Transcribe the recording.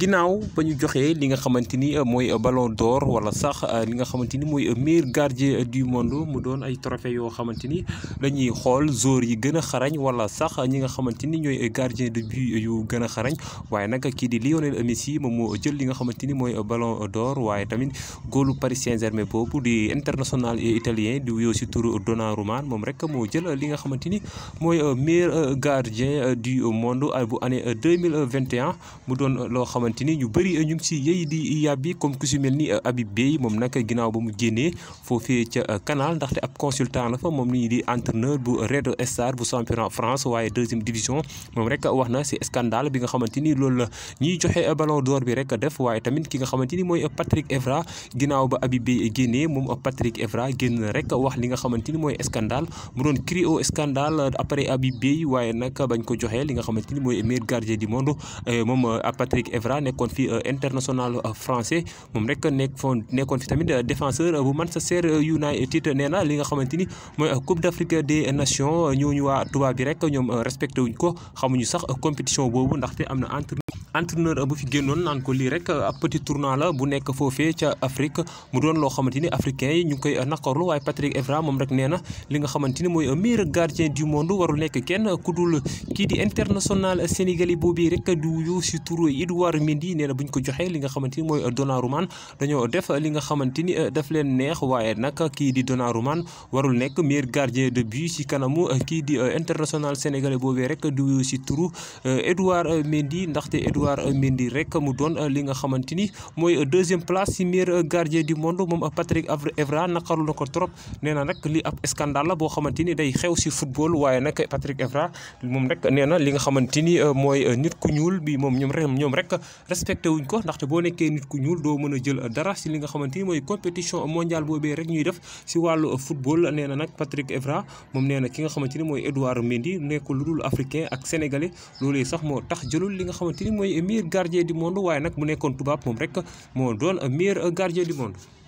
ginnaaw ba ñu joxee euh, euh, euh, li nga xamante ni mooy ballon d'or wala sax li nga xamante ni mooy meilleur gardien du monde mu doon ay trophée yoo xamante ni dañuy xool joueur yi gën a xarañ wala sax ñi nga xamante ni ñooy gardien de but yu gën a xarañ waaye nag kii di Lionel Messi moom moo jël li nga xamante ni mooy ballon d'or waaye tamit góolu Paris Saint-Germain boobu di international italien di wuyoo si turu Donnarumma moom rek moo jël li nga xamante ni mooy meilleur gardien du monde bu année 2021 mu doon loo xamante ni ñu bëri eh, ñu ngi si yëy di yàbbi comme ku si mel ni eh, Habib Beye moom nag ginnaaw ba mu génnee foofee ca eh, canal ndaxte ab consultant la fa moom ni di entraîneur bu Red Star bu championnat France waaye deuxième division moom rek bi nga xamante ni loolu la ñuy joxe ballon d'or bi rek def waaye tamit ki nga xamante ni mooy Patrick Evra ginnaaw ba Habib Beye génnee moom Patrick Evra génn rek wax li nga xamante ni mooy scandale mu doon crier au scandale après Habib Beye waaye nag bañ ko joxe li nga xamante ni mooy meilleur gardien du monde moom Keita nekkoon fi euh, international euh, français moom rek nekk foon nekkoon fi tamit euh, défenseur bu man sa Manchester United nee na li nga xamante ni mooy Coupe d'Afrique des Nations ñooñu waa tubaab bi rek ñoom respecté wuñ ko xamuñu sax compétition boobu ndaxte am na entre entraîneur bu fi génnoon naan ko lii rek ab petit tournoi la bu nekk foofee ca Afrique mu doon loo xamante ni africain yi ñu ngi koy naqarlu waaye Patrick Evra moom rek nee na li nga xamante ni mooy meilleur gardien du monde warul nekk kenn ku dul kii di international sénégalais boobu rek du wuyu si turu Edouard Mendy nee na bu ñu ko joxee li nga xamante ni mooy Donnarumma dañoo def li nga xamante ni daf leen neex waaye nag kii di man warul nekk meilleur gardien de but si kanamu kii di international sénégalais boobu rek du si turu Edouard Mendy ndaxte Edouard euh, Mendy rek mu doon euh, li nga xamante ni mooy euh, deuxième place si meilleur gardien du monde moom Patrick Evra naqaru na ko trop nee na li boo xamante ni day xew si football waaye nag Patrick Evra moom rek nee na li nga xamante ni mooy nit ku ñuul bi moom ñoom rek ñoom rek respecté wuñ ko ndaxte boo nekkee nit ku ñuul doo mën a jël dara si li nga xamante ni mooy compétition mondiale boobee rek ñuy def si wàllu football nee na nag Patrick Evra moom nee na ki nga xamante ni mooy Edouard Mendy nekkul lu dul africain ak sénégalais loolee sax moo tax jëlul li nga xamante mooy mooy meilleur di du monde waaye nag mu nekkoon tubaab moom rek moo doon meilleur gardien du monde